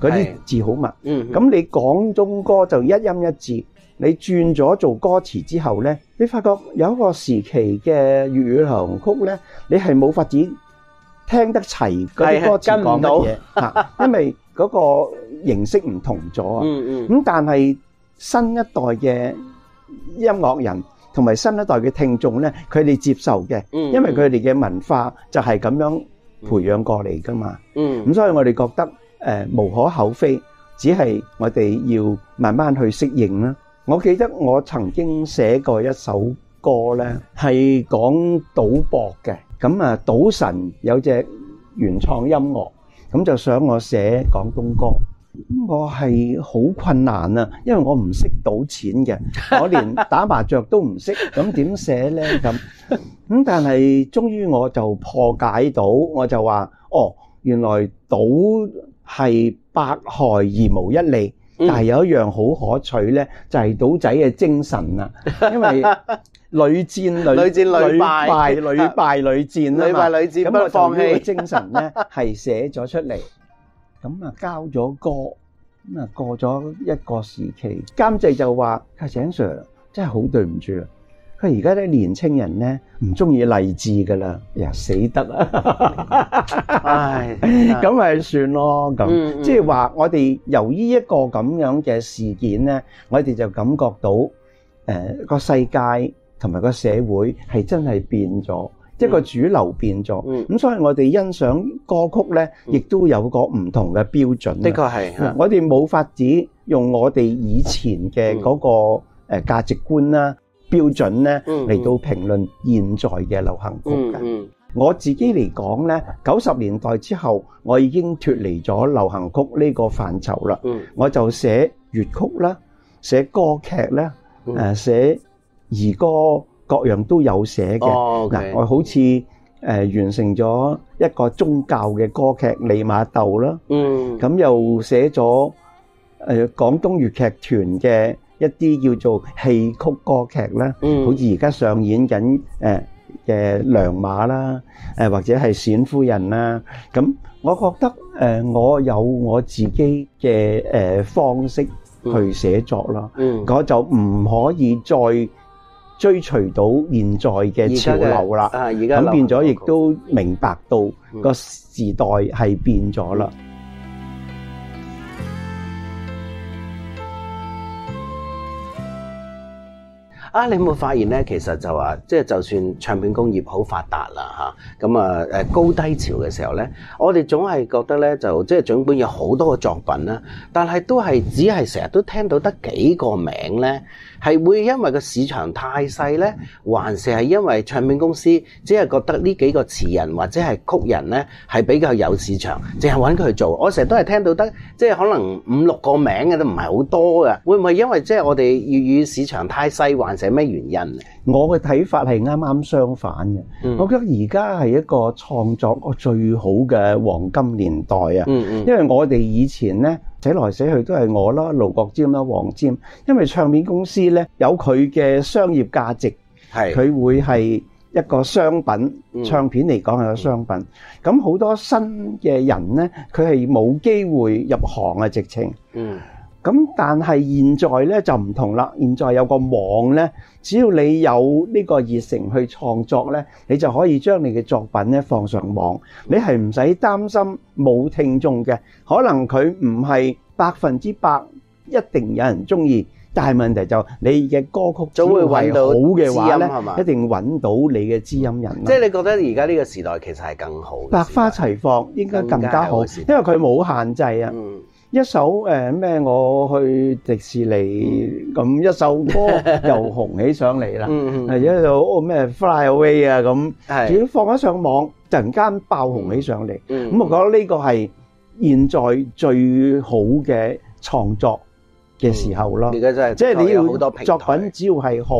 嗰啲字好密，咁你講中歌就一音一字，你轉咗做歌詞之後咧，你發覺有一個時期嘅粵語流行曲咧，你係冇法子聽得齊嗰啲歌詞講乜嘢，吓，因為嗰個形式唔同咗。嗯嗯。咁但係新一代嘅音樂人同埋新一代嘅聽眾咧，佢哋接受嘅，嗯，因為佢哋嘅文化就係咁樣培養過嚟噶嘛。嗯。咁所以我哋覺得。誒無可厚非，只係我哋要慢慢去適應啦。我記得我曾經寫過一首歌咧，係講賭博嘅。咁啊，賭神有隻原創音樂，咁就想我寫廣東歌。咁我係好困難啊，因為我唔識賭錢嘅，我連打麻雀都唔識，咁點寫咧咁咁？但係終於我就破解到，我就話哦，原來賭係百害而無一利，但係有一樣好可取咧，就係、是、賭仔嘅精神啊！因為屢戰屢屢戰屢敗屢敗屢戰屢敗屢戰，不 放棄嘅精神咧係寫咗出嚟，咁啊交咗歌，咁啊過咗一個時期，監製就話：江 Sir，真係好對唔住啊！佢而家啲年青人咧唔中意勵志噶啦，呀死得啦！ 唉，咁 咪算咯咁。即係話我哋由於一個咁樣嘅事件咧，我哋就感覺到誒個、呃、世界同埋個社會係真係變咗，一個主流變咗。咁、嗯、所以我哋欣賞歌曲咧，亦都有個唔同嘅標準。的確係我哋冇法子用我哋以前嘅嗰個誒價值觀啦。標準咧嚟到評論現在嘅流行曲嘅。我自己嚟講咧，九十年代之後我已經脫離咗流行曲呢個範疇啦，我就寫粵曲啦，寫歌劇啦，誒，寫兒歌各樣都有寫嘅。嗱，我好似誒完成咗一個宗教嘅歌劇《利瑪竇》啦，嗯，咁又寫咗誒廣東粵劇團嘅。一啲叫做戲曲歌劇啦、嗯，好似而家上演緊誒嘅良馬啦，誒或者係冼夫人啦，咁我覺得誒我有我自己嘅誒方式去寫作啦、嗯嗯，我就唔可以再追隨到現在嘅潮流啦，咁、啊、變咗亦都明白到個時代係變咗啦。嗯嗯。啊！你有冇發現呢，其實就話即就算唱片工業好發達啦嚇，咁啊誒高低潮嘅時候呢，我哋總係覺得呢，就即係儘管有好多個作品啦，但係都係只係成日都聽到得幾個名呢。係會因為個市場太細呢，還是係因為唱片公司只係覺得呢幾個詞人或者係曲人呢，係比較有市場，淨係揾佢做？我成日都係聽到得，即係可能五六個名嘅都唔係好多嘅。會唔會因為即係我哋粵語市場太細，還是咩原因呢？我嘅睇法係啱啱相反嘅。我覺得而家係一個創作最好嘅黃金年代啊！因為我哋以前呢，寫來寫去都係我啦，盧國沾啦，黃霑，因為唱片公司呢，有佢嘅商業價值，係佢會係一個商品，唱片嚟講係個商品。咁好多新嘅人呢，佢係冇機會入行嘅，直情。咁但係現在咧就唔同啦，現在有個網咧，只要你有呢個熱誠去創作咧，你就可以將你嘅作品咧放上網，你係唔使擔心冇聽眾嘅，可能佢唔係百分之百一定有人鍾意，但係問題就你嘅歌曲總會揾到好嘅話咧，一定揾到你嘅知音人。即係你覺得而家呢個時代其實係更好，百花齊放應該更加好，因為佢冇限制啊。一首誒咩？我去迪士尼咁一首歌又紅起上嚟啦，係一首咩 Fly Away 啊咁，如果放咗上網，突然間爆紅起上嚟，咁我覺得呢個係現在最好嘅創作嘅時候咯。而家真係，即係你要作品，只要係好，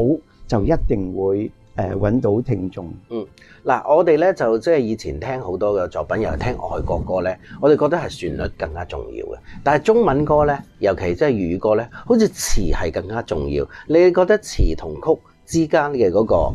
就一定會。誒，搵到聽眾。嗯，嗱，我哋咧就即係以前聽好多嘅作品，又係聽外國歌咧，我哋覺得係旋律更加重要嘅。但係中文歌咧，尤其即係粵語歌咧，好似詞係更加重要。你覺得詞同曲之間嘅嗰個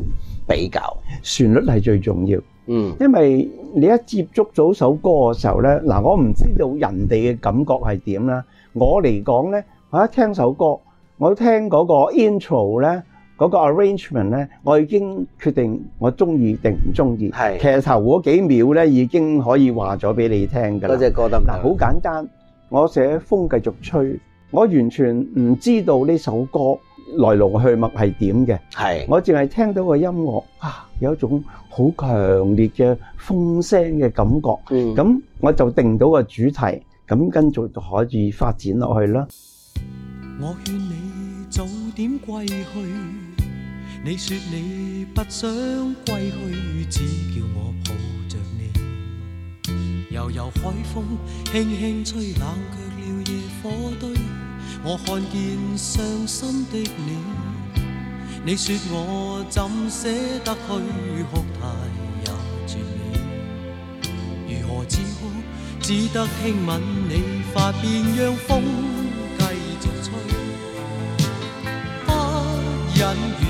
比較，旋律係最重要。嗯，因為你一接觸到首歌嘅時候咧，嗱，我唔知道人哋嘅感覺係點啦。我嚟講咧，我一聽一首歌，我聽嗰個 intro 咧。嗰、那個 arrangement 咧，我已經決定我中意定唔中意。係其實頭嗰幾秒咧，已經可以話咗俾你聽㗎啦。嗰隻歌單嗱，好簡單。我寫風繼續吹，我完全唔知道呢首歌來龍去脈係點嘅。係我淨係聽到個音樂啊，有一種好強烈嘅風聲嘅感覺。咁、嗯、我就定到個主題，咁跟住就可以發展落去啦。我勸你早點你說你不想歸去，只叫我抱着你。悠悠海風輕輕吹，冷卻了野火堆。我看見傷心的你。你說我怎捨得去，哭態也絕美。如何止哭？只得輕吻你髮邊，讓風繼續吹。不、啊、忍。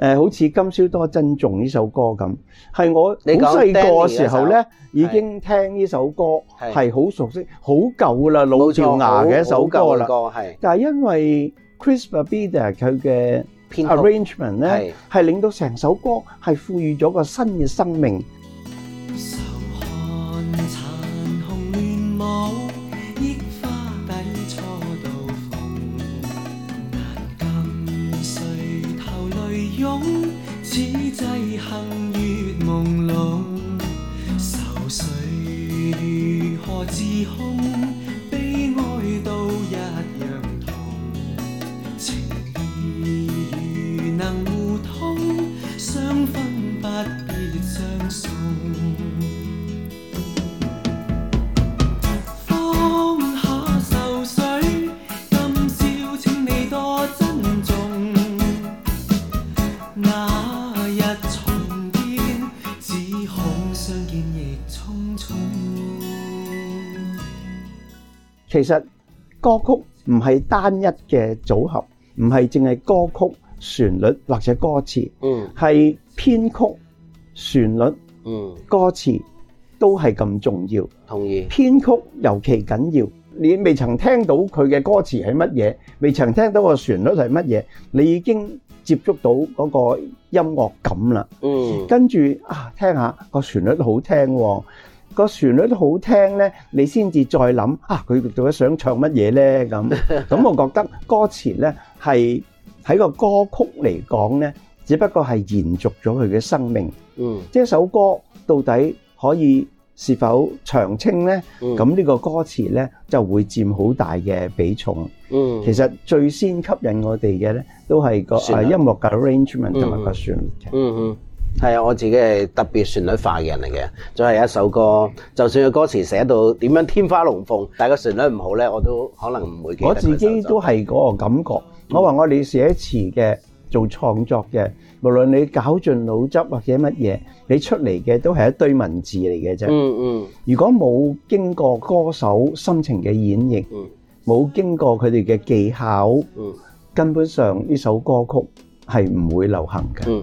誒好似今宵多珍重呢首歌咁，係我好細個嘅時候咧，已經聽呢首歌係好熟悉，好舊啦，老掉牙嘅一首歌啦。但係因為 Chris Babida 佢嘅 arrangement 咧，係令到成首歌係賦予咗個新嘅生命。擁，此際幸月朦朧，愁緒如何自控？其實歌曲唔係單一嘅組合，唔係淨係歌曲、旋律或者歌詞，嗯，係編曲、旋律，嗯，歌詞都係咁重要。同意。編曲尤其緊要，你未曾聽到佢嘅歌詞係乜嘢，未曾聽到個旋律係乜嘢，你已經接觸到嗰個音樂感啦。嗯，跟住啊，聽下個旋律好聽喎。個旋律都好聽咧，你先至再諗啊，佢到底想唱乜嘢咧？咁咁，我覺得歌詞咧係喺個歌曲嚟講咧，只不過係延續咗佢嘅生命。嗯，即係一首歌到底可以是否長青咧？咁呢個歌詞咧就會佔好大嘅比重。嗯，其實最先吸引我哋嘅咧都係個誒音樂嘅 arrangement 同埋個旋律。嗯嗯。係啊，我自己係特別旋律化嘅人嚟嘅。就係、是、一首歌，就算個歌詞寫到點樣天花龍鳳，但係個旋律唔好咧，我都可能唔會記得。我自己都係嗰個感覺。我話我哋寫詞嘅、做創作嘅，無論你搞盡腦汁或者乜嘢，你出嚟嘅都係一堆文字嚟嘅啫。嗯嗯。如果冇經過歌手心情嘅演繹，冇、嗯、經過佢哋嘅技巧、嗯，根本上呢首歌曲係唔會流行嘅。嗯。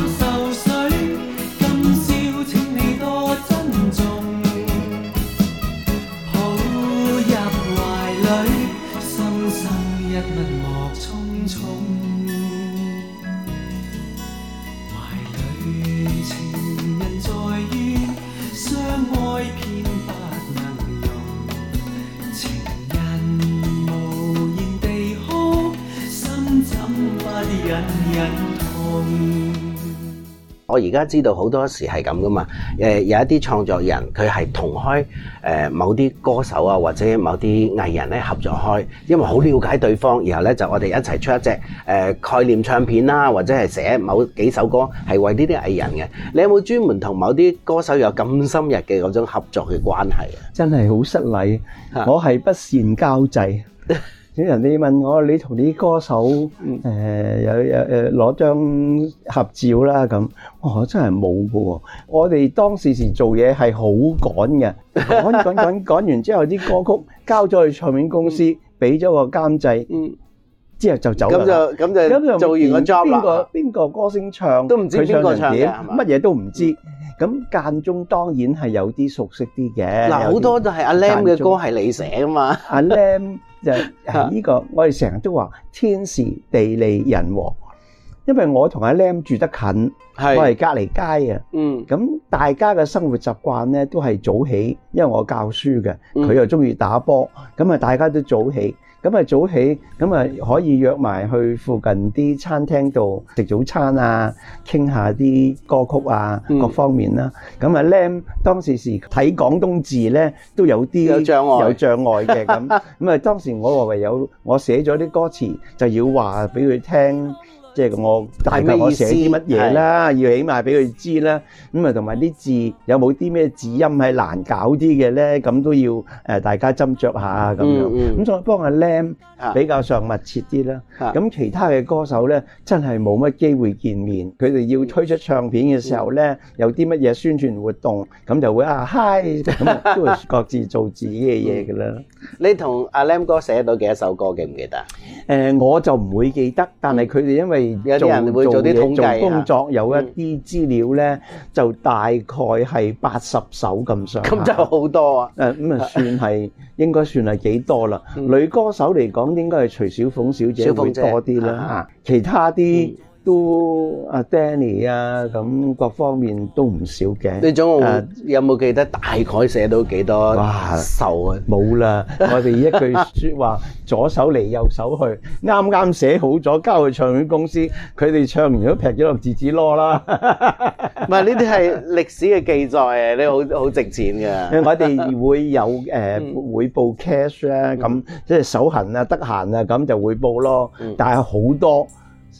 我而家知道好多時係咁㗎嘛？誒有一啲創作人佢係同開誒某啲歌手啊，或者某啲藝人咧合作開，因為好瞭解對方，然後咧就我哋一齊出一隻誒概念唱片啦，或者係寫某幾首歌係為呢啲藝人嘅。你有冇專門同某啲歌手有咁深入嘅嗰種合作嘅關係啊？真係好失禮，我係不善交際。有人你問我，你同啲歌手誒有有誒攞張合照啦咁，我真係冇噶喎。我哋當時時做嘢係好趕嘅，趕趕趕趕完之後，啲歌曲交咗去唱片公司，俾咗個監製，之後就走。咁就咁就咁就做完個 job 啦。邊個邊個歌星唱都唔知邊個唱，乜嘢都唔知。咁間中當然係有啲熟悉啲嘅。嗱，好多就係阿 Lam 嘅歌係你寫噶嘛，阿 Lam。就係呢個， 我哋成日都話天時地利人和。因為我同阿 Lam 住得近，我係隔籬街啊。咁大家嘅生活習慣咧都係早起，因為我教書嘅，佢又中意打波，咁啊大家都早起。咁啊早起，咁啊可以約埋去附近啲餐廳度食早餐啊，傾下啲歌曲啊、嗯、各方面啦、啊。咁啊，Lam 當時時睇廣東字咧都有啲有障礙，有障礙嘅咁。咁啊當時我唯有我寫咗啲歌詞就要話俾佢聽。即係我大概我寫啲乜嘢啦，要起碼俾佢知啦。咁啊，同埋啲字有冇啲咩字音係難搞啲嘅咧？咁都要誒大家斟酌下啊咁樣。咁再幫阿 Lam 比較上密切啲啦。咁其他嘅歌手咧，真係冇乜機會見面。佢哋要推出唱片嘅時候咧，有啲乜嘢宣傳活動，咁就會啊 hi，咁都各自做自己嘅嘢嘅啦。你同阿 Lam 哥寫到幾多首歌，記唔記得？誒、呃、我就唔會記得，但係佢哋因為做有啲人會做啲統計工作，一有一啲資料咧、嗯、就大概係八十首咁上下。咁就好多啊！誒咁啊，算係 應該算係幾多啦、嗯。女歌手嚟講，應該係徐小鳳小姐會多啲啦。其他啲。嗯都阿 Danny 啊，咁各方面都唔少嘅。呢種啊有冇記得大概寫到幾多？哇，愁啊！冇啦，我哋一句説話，左手嚟右手去，啱啱寫好咗交去唱片公司，佢哋唱完咗劈咗落字紙咯啦。唔係，呢啲係歷史嘅記載，你好好值錢嘅。我哋會有誒會報 cash 咧，咁即係手痕啊，得閒啊，咁就會報咯。但係好多。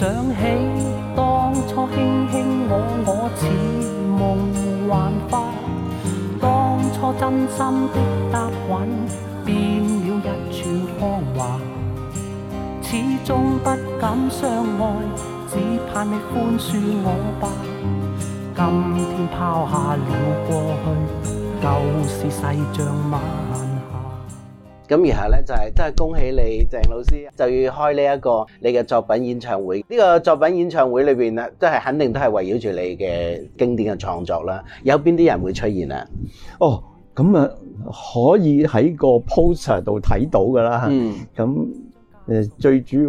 想起當初輕輕，卿卿我我似夢幻花。當初真心的答允，變了一串謊話。始終不敢相愛，只盼你寬恕我吧。今天拋下了過去，舊事細想馬。咁然後咧就係真係恭喜你，鄭老師就要開呢、這、一個你嘅作品演唱會。呢、這個作品演唱會裏面啊，都係肯定都係圍繞住你嘅經典嘅創作啦。有邊啲人會出現啊？哦，咁啊可以喺個 poster 度睇到噶啦。嗯。咁最主要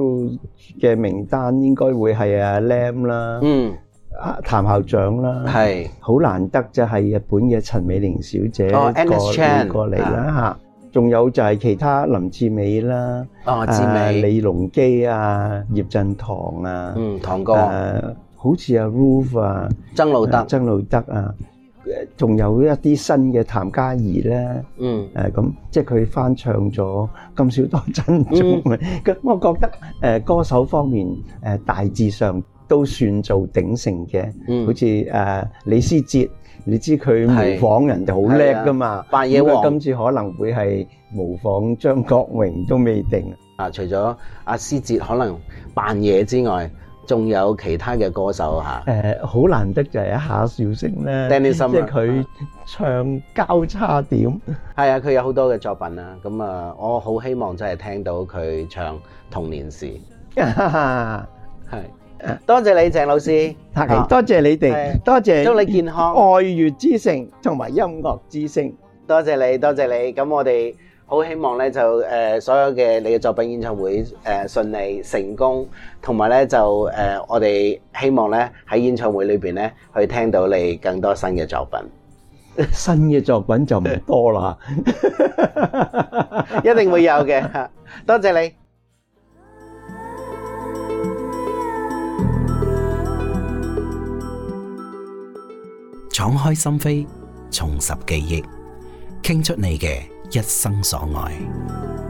嘅名單應該會係阿 Lam 啦。嗯。阿譚校長啦。係。好難得就係日本嘅陳美玲小姐、哦、過嚟過嚟啦嚇。仲有就係其他林志美啦，啊志美、李龍基啊、葉振棠啊，嗯，棠哥，誒，好似啊 Rouve 啊，曾路德、曾路德啊，誒，仲有一啲新嘅譚嘉儀啦，嗯，誒咁，即係佢翻唱咗今宵多珍重，咁我覺得誒歌手方面誒大致上都算做鼎盛嘅，嗯，好似誒李思捷。你知佢模仿人哋好叻噶嘛？扮嘢王今次可能會係模仿張國榮都未定啊！啊，除咗阿思哲可能扮嘢之外，仲有其他嘅歌手嚇。誒，好難得就係一下笑聲咧，Danny Summer，即係佢唱交叉點。係啊，佢有好多嘅作品啊。咁啊，我好希望真係聽到佢唱童年時。係。多謝你，鄭老師，多謝你哋、啊，多謝祝你健康，愛粵之城同埋音樂之聲，多謝你，多謝你。咁我哋好希望咧就誒、呃、所有嘅你嘅作品演唱會誒順、呃、利成功，同埋咧就誒、呃、我哋希望咧喺演唱會裏邊咧去聽到你更多新嘅作品。新嘅作品就唔多啦， 一定會有嘅。多謝你。敞開心扉，重拾記憶，傾出你嘅一生所愛。